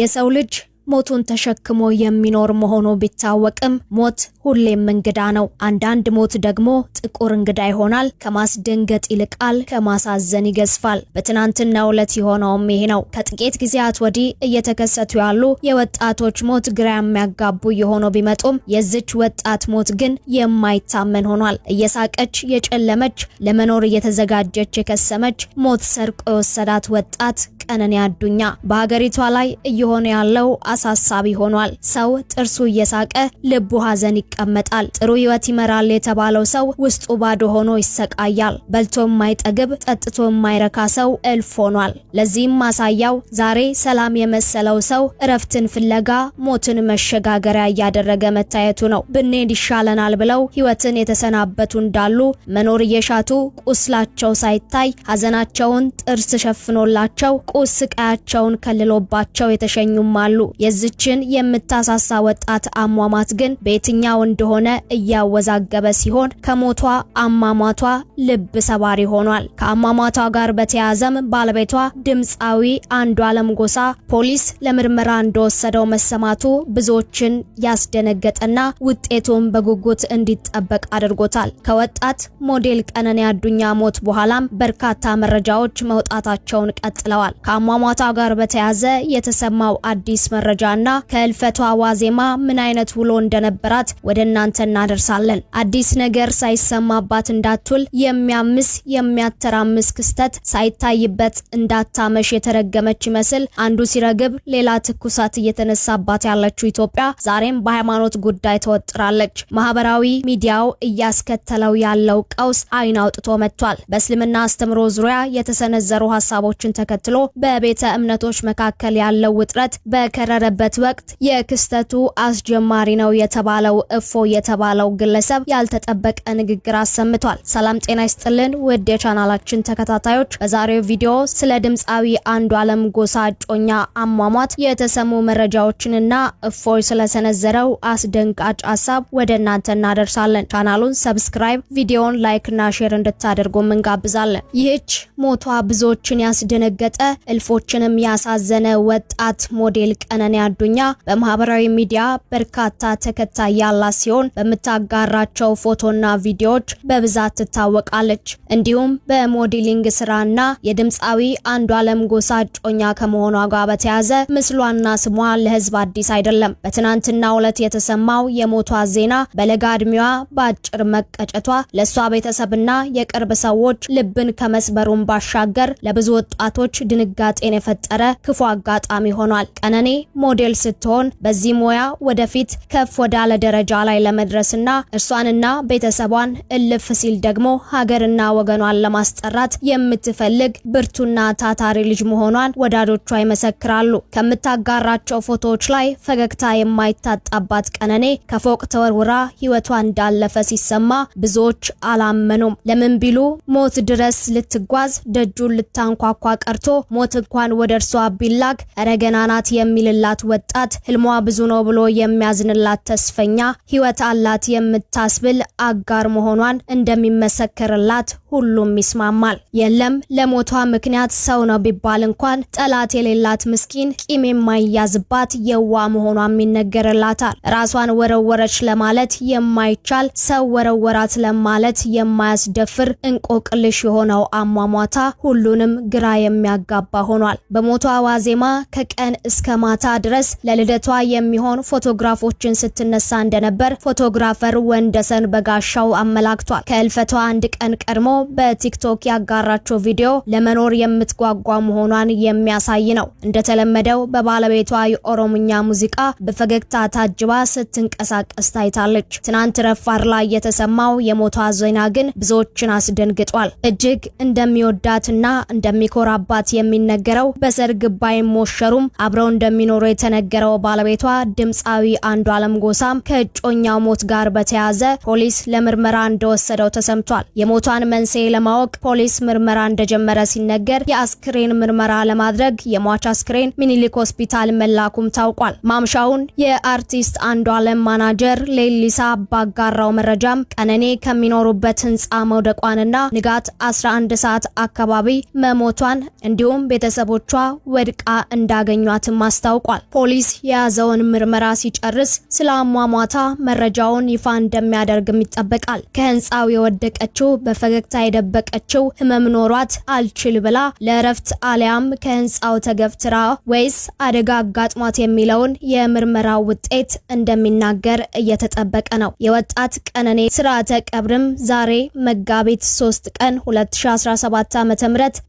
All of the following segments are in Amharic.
የሰው ልጅ ሞቱን ተሸክሞ የሚኖር መሆኑ ቢታወቅም ሞት ሁሌም እንግዳ ነው። አንዳንድ ሞት ደግሞ ጥቁር እንግዳ ይሆናል። ከማስደንገጥ ይልቃል፣ ከማሳዘን ይገዝፋል። በትናንትናው ዕለት የሆነውም ይህ ነው። ከጥቂት ጊዜያት ወዲህ እየተከሰቱ ያሉ የወጣቶች ሞት ግራ የሚያጋቡ የሆኑ ቢመጡም የዚች ወጣት ሞት ግን የማይታመን ሆኗል። እየሳቀች የጨለመች ለመኖር እየተዘጋጀች የከሰመች ሞት ሰርቆ የወሰዳት ወጣት ቀነኒ አዱኛ በሀገሪቷ ላይ እየሆነ ያለው አሳሳቢ ሆኗል። ሰው ጥርሱ እየሳቀ ልቡ ሐዘን ይቀመጣል። ጥሩ ህይወት ይመራል የተባለው ሰው ውስጡ ባዶ ሆኖ ይሰቃያል። በልቶ የማይጠግብ ጠጥቶ የማይረካ ሰው እልፍ ሆኗል። ለዚህም ማሳያው ዛሬ ሰላም የመሰለው ሰው እረፍትን ፍለጋ ሞትን መሸጋገሪያ እያደረገ መታየቱ ነው። ብንሄድ ይሻለናል ብለው ህይወትን የተሰናበቱ እንዳሉ መኖር እየሻቱ ቁስላቸው ሳይታይ ሐዘናቸውን ጥርስ ሸፍኖላቸው ቁስ ቀያቸውን ከልሎባቸው የተሸኙም አሉ። የዝችን የምታሳሳ ወጣት አሟሟት ግን በየትኛው እንደሆነ እያወዛገበ ሲሆን ከሞቷ አሟሟቷ ልብ ሰባሪ ሆኗል። ከአሟሟቷ ጋር በተያያዘም ባለቤቷ ድምፃዊ አንዷለም ጎሳ ፖሊስ ለምርመራ እንደወሰደው መሰማቱ ብዙዎችን ያስደነገጠና ውጤቱን በጉጉት እንዲጠበቅ አድርጎታል። ከወጣት ሞዴል ቀነኒ አዱኛ ሞት በኋላም በርካታ መረጃዎች መውጣታቸውን ቀጥለዋል። ከአሟሟቷ ጋር በተያያዘ የተሰማው አዲስ መረጃ መረጃና ከህልፈቷ ዋዜማ ምን አይነት ውሎ እንደነበራት ወደ እናንተ እናደርሳለን። አዲስ ነገር ሳይሰማባት እንዳትውል የሚያምስ የሚያተራምስ ክስተት ሳይታይበት እንዳታመሽ የተረገመች ይመስል አንዱ ሲረግብ ሌላ ትኩሳት እየተነሳባት ያለችው ኢትዮጵያ ዛሬም በሃይማኖት ጉዳይ ተወጥራለች። ማህበራዊ ሚዲያው እያስከተለው ያለው ቀውስ አይን አውጥቶ መጥቷል። በእስልምና አስተምሮ ዙሪያ የተሰነዘሩ ሀሳቦችን ተከትሎ በቤተ እምነቶች መካከል ያለው ውጥረት በከረረ በነበረበት ወቅት የክስተቱ አስጀማሪ ነው የተባለው እፎ የተባለው ግለሰብ ያልተጠበቀ ንግግር አሰምቷል። ሰላም ጤና ይስጥልን ውድ የቻናላችን ተከታታዮች፣ በዛሬው ቪዲዮ ስለ ድምፃዊ አንዱዓለም ጎሳ እጮኛ አሟሟት የተሰሙ መረጃዎችንና እፎይ ስለሰነዘረው አስደንጋጭ ሀሳብ ወደ እናንተ እናደርሳለን። ቻናሉን ሰብስክራይብ፣ ቪዲዮን ና ሼር እንድታደርጉም እንጋብዛለን። ይህች ሞቷ ብዙዎችን ያስደነገጠ እልፎችንም ያሳዘነ ወጣት ሞዴል ቀነ ቀነኔ አዱኛ በማህበራዊ ሚዲያ በርካታ ተከታይ ያላት ሲሆን በምታጋራቸው ፎቶና ቪዲዮዎች በብዛት ትታወቃለች። እንዲሁም በሞዴሊንግ ስራና የድምፃዊ አንዱ ዓለም ጎሳ እጮኛ ከመሆኗ ጋር በተያያዘ ምስሏና ስሟ ለህዝብ አዲስ አይደለም። በትናንትናው ዕለት የተሰማው የሞቷ ዜና በለጋ እድሜዋ በአጭር መቀጨቷ ለእሷ ቤተሰብና የቅርብ ሰዎች ልብን ከመስበሩን ባሻገር ለብዙ ወጣቶች ድንጋጤን የፈጠረ ክፉ አጋጣሚ ሆኗል። ቀነኔ ሞዴል ስትሆን በዚህ ሙያ ወደፊት ከፍ ወዳለ ደረጃ ላይ ለመድረስና እርሷንና ቤተሰቧን እልፍ ሲል ደግሞ ሀገርና ወገኗን ለማስጠራት የምትፈልግ ብርቱና ታታሪ ልጅ መሆኗን ወዳጆቿ ይመሰክራሉ። ከምታጋራቸው ፎቶዎች ላይ ፈገግታ የማይታጣባት ቀነኔ ከፎቅ ተወርውራ ሕይወቷ እንዳለፈ ሲሰማ ብዙዎች አላመኑም። ለምን ቢሉ ሞት ድረስ ልትጓዝ ደጁን ልታንኳኳ ቀርቶ ሞት እንኳን ወደ እርሷ ቢላክ ረገናናት የሚልላ ያላት ወጣት ህልሟ ብዙ ነው ብሎ የሚያዝንላት ተስፈኛ ህይወት አላት የምታስብል አጋር መሆኗን እንደሚመሰከርላት ሁሉም ይስማማል። የለም ለሞቷ ምክንያት ሰው ነው ቢባል እንኳን ጠላት የሌላት ምስኪን ቂም የማይያዝባት የዋ መሆኗም ይነገርላታል። ራሷን ወረወረች ለማለት የማይቻል ሰው ወረወራት ለማለት የማያስደፍር እንቆቅልሽ የሆነው አሟሟታ ሁሉንም ግራ የሚያጋባ ሆኗል። በሞቷ ዋዜማ ከቀን እስከ ማታ ድረስ ለልደቷ የሚሆን ፎቶግራፎችን ስትነሳ እንደነበር ፎቶግራፈር ወንደሰን በጋሻው አመላክቷል። ከእልፈቷ አንድ ቀን ቀድሞ በቲክቶክ ያጋራቸው ቪዲዮ ለመኖር የምትጓጓ መሆኗን የሚያሳይ ነው። እንደተለመደው በባለቤቷ የኦሮምኛ ሙዚቃ በፈገግታ ታጅባ ስትንቀሳቀስ ታይታለች። ትናንት ረፋር ላይ የተሰማው የሞቷ ዜና ግን ብዙዎችን አስደንግጧል። እጅግ እንደሚወዳትና እንደሚኮራባት የሚነገረው በሰርግ ባይሞሸሩም አብረው እንደሚኖሩ የተነገረው ባለቤቷ ድምፃዊ አንዱ አለም ጎሳም ከእጮኛው ሞት ጋር በተያያዘ ፖሊስ ለምርመራ እንደወሰደው ተሰምቷል። የሞቷን መንስኤ ለማወቅ ፖሊስ ምርመራ እንደጀመረ ሲነገር የአስክሬን ምርመራ ለማድረግ የሟች አስክሬን ሚኒሊክ ሆስፒታል መላኩም ታውቋል። ማምሻውን የአርቲስት አንዱ አለም ማናጀር ሌሊሳ ባጋራው መረጃም ቀነኔ ከሚኖሩበት ህንፃ መውደቋንና ንጋት 11 ሰዓት አካባቢ መሞቷን እንዲሁም ቤተሰቦቿ ወድቃ እንዳገኟትም አስታውቋል። ተናግረዋል። ፖሊስ የያዘውን ምርመራ ሲጨርስ ስለ አሟሟታ መረጃውን ይፋ እንደሚያደርግም ይጠበቃል። ከህንፃው የወደቀችው በፈገግታ የደበቀችው ህመም ኖሯት አልችል ብላ ለእረፍት አሊያም ከህንፃው ተገፍትራ ወይስ አደጋ አጋጥሟት የሚለውን የምርመራ ውጤት እንደሚናገር እየተጠበቀ ነው። የወጣት ቀነኔ ስርዓተ ቀብርም ዛሬ መጋቢት 3 ቀን 2017 ዓ.ም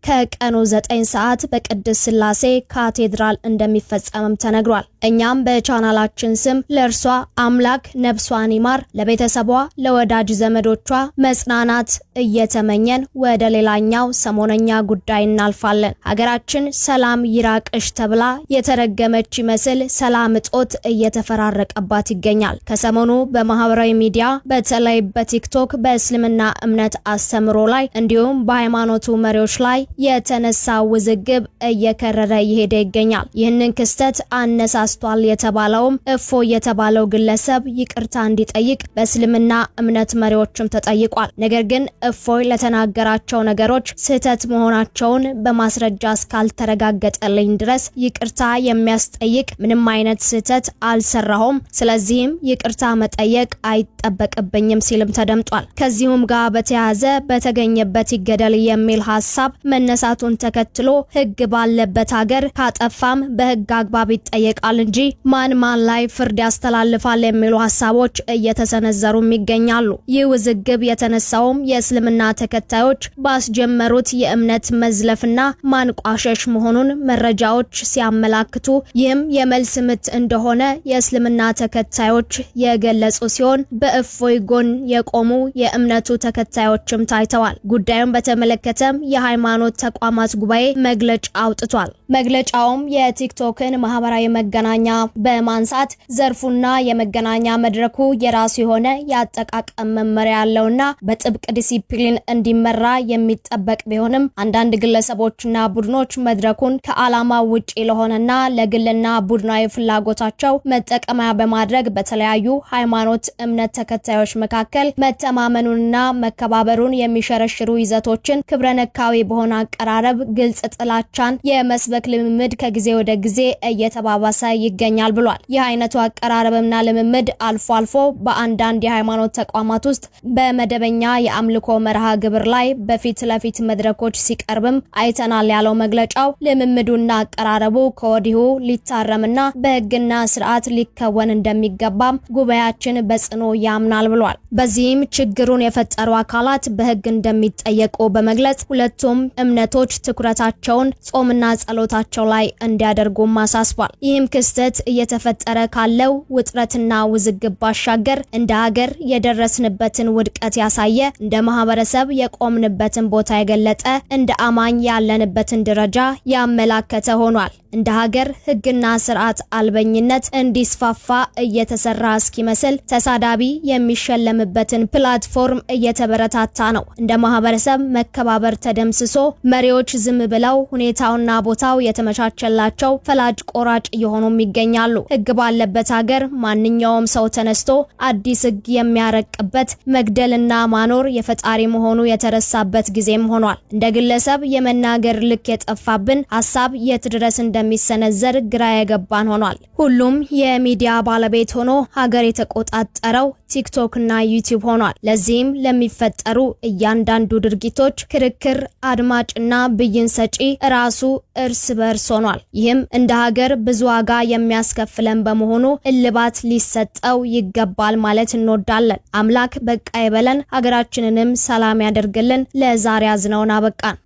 ከቀኑ 9 ሰዓት በቅድስት ስላሴ ካቴድራል እንደሚፈጸምም ተነግሯል። እኛም በቻናላችን ስም ለእርሷ አምላክ ነብሷን ይማር፣ ለቤተሰቧ፣ ለወዳጅ ዘመዶቿ መጽናናት እየተመኘን ወደ ሌላኛው ሰሞነኛ ጉዳይ እናልፋለን። ሀገራችን ሰላም ይራቅሽ ተብላ የተረገመች ይመስል ሰላም እጦት እየተፈራረቀባት ይገኛል። ከሰሞኑ በማህበራዊ ሚዲያ በተለይ በቲክቶክ በእስልምና እምነት አስተምሮ ላይ እንዲሁም በሃይማኖቱ መሪዎች ላይ የተነሳ ውዝግብ እየከረረ እየሄደ ይገኛል። ይህንን ክስተት አነሳስቷል የተባለውም እፎ የተባለው ግለሰብ ይቅርታ እንዲጠይቅ በእስልምና እምነት መሪዎችም ተጠይቋል። ነገር ግን እፎይ ለተናገራቸው ነገሮች ስህተት መሆናቸውን በማስረጃ እስካልተረጋገጠልኝ ድረስ ይቅርታ የሚያስጠይቅ ምንም አይነት ስህተት አልሰራሁም፣ ስለዚህም ይቅርታ መጠየቅ አይጠበቅብኝም ሲልም ተደምጧል። ከዚሁም ጋር በተያያዘ በተገኘበት ይገደል የሚል ሀሳብ መነሳቱን ተከትሎ ህግ ባለበት ሀገር ካጠፋም በህግ አግባብ አግባብ ይጠየቃል እንጂ ማን ማን ላይ ፍርድ ያስተላልፋል የሚሉ ሀሳቦች እየተሰነዘሩም ይገኛሉ። ይህ ውዝግብ የተነሳውም የእስልምና ተከታዮች ባስጀመሩት የእምነት መዝለፍና ማንቋሸሽ መሆኑን መረጃዎች ሲያመላክቱ ይህም የመልስ ምት እንደሆነ የእስልምና ተከታዮች የገለጹ ሲሆን በእፎይ ጎን የቆሙ የእምነቱ ተከታዮችም ታይተዋል። ጉዳዩን በተመለከተም የሃይማኖት ተቋማት ጉባኤ መግለጫ አውጥቷል። መግለጫውም የቲክቶክን ማህበራዊ መገናኛ በማንሳት ዘርፉና የመገናኛ መድረኩ የራሱ የሆነ የአጠቃቀም መመሪያ ያለውና በጥብቅ ዲሲፕሊን እንዲመራ የሚጠበቅ ቢሆንም አንዳንድ ግለሰቦችና ቡድኖች መድረኩን ከዓላማ ውጪ ለሆነና ለግልና ቡድናዊ ፍላጎታቸው መጠቀሚያ በማድረግ በተለያዩ ሃይማኖት እምነት ተከታዮች መካከል መተማመኑንና መከባበሩን የሚሸረሽሩ ይዘቶችን ክብረነካዊ በሆነ አቀራረብ ግልጽ ጥላቻን የመስበክ ልምምድ ከጊዜ ወደ ጊዜ እየ እየተባባሰ ይገኛል ብሏል። ይህ አይነቱ አቀራረብና ልምምድ አልፎ አልፎ በአንዳንድ የሃይማኖት ተቋማት ውስጥ በመደበኛ የአምልኮ መርሃ ግብር ላይ በፊት ለፊት መድረኮች ሲቀርብም አይተናል ያለው መግለጫው ልምምዱና አቀራረቡ ከወዲሁ ሊታረምና በህግና ስርዓት ሊከወን እንደሚገባም ጉባኤያችን በጽኑ ያምናል ብሏል። በዚህም ችግሩን የፈጠሩ አካላት በህግ እንደሚጠየቁ በመግለጽ ሁለቱም እምነቶች ትኩረታቸውን ጾምና ጸሎታቸው ላይ እንዲያደርጉም አሳስቧል። ተከስቷል። ይህም ክስተት እየተፈጠረ ካለው ውጥረትና ውዝግብ ባሻገር እንደ ሀገር የደረስንበትን ውድቀት ያሳየ፣ እንደ ማህበረሰብ የቆምንበትን ቦታ የገለጠ፣ እንደ አማኝ ያለንበትን ደረጃ ያመላከተ ሆኗል። እንደ ሀገር ህግና ስርዓት አልበኝነት እንዲስፋፋ እየተሰራ እስኪመስል ተሳዳቢ የሚሸለምበትን ፕላትፎርም እየተበረታታ ነው። እንደ ማህበረሰብ መከባበር ተደምስሶ መሪዎች ዝም ብለው ሁኔታውና ቦታው የተመቻቸላቸው ፈላጭ ቆራጭ እየሆኑም ይገኛሉ። ህግ ባለበት ሀገር ማንኛውም ሰው ተነስቶ አዲስ ህግ የሚያረቅበት መግደልና ማኖር የፈጣሪ መሆኑ የተረሳበት ጊዜም ሆኗል። እንደ ግለሰብ የመናገር ልክ የጠፋብን ሀሳብ የት ድረስ እንደ እንደሚሰነዘር ግራ የገባን ሆኗል። ሁሉም የሚዲያ ባለቤት ሆኖ ሀገር የተቆጣጠረው ቲክቶክ እና ዩቲዩብ ሆኗል። ለዚህም ለሚፈጠሩ እያንዳንዱ ድርጊቶች ክርክር አድማጭና ብይን ሰጪ ራሱ እርስ በርስ ሆኗል። ይህም እንደ ሀገር ብዙ ዋጋ የሚያስከፍለን በመሆኑ እልባት ሊሰጠው ይገባል ማለት እንወዳለን። አምላክ በቃ ይበለን፣ ሀገራችንንም ሰላም ያደርግልን። ለዛሬ አዝነውን አበቃን።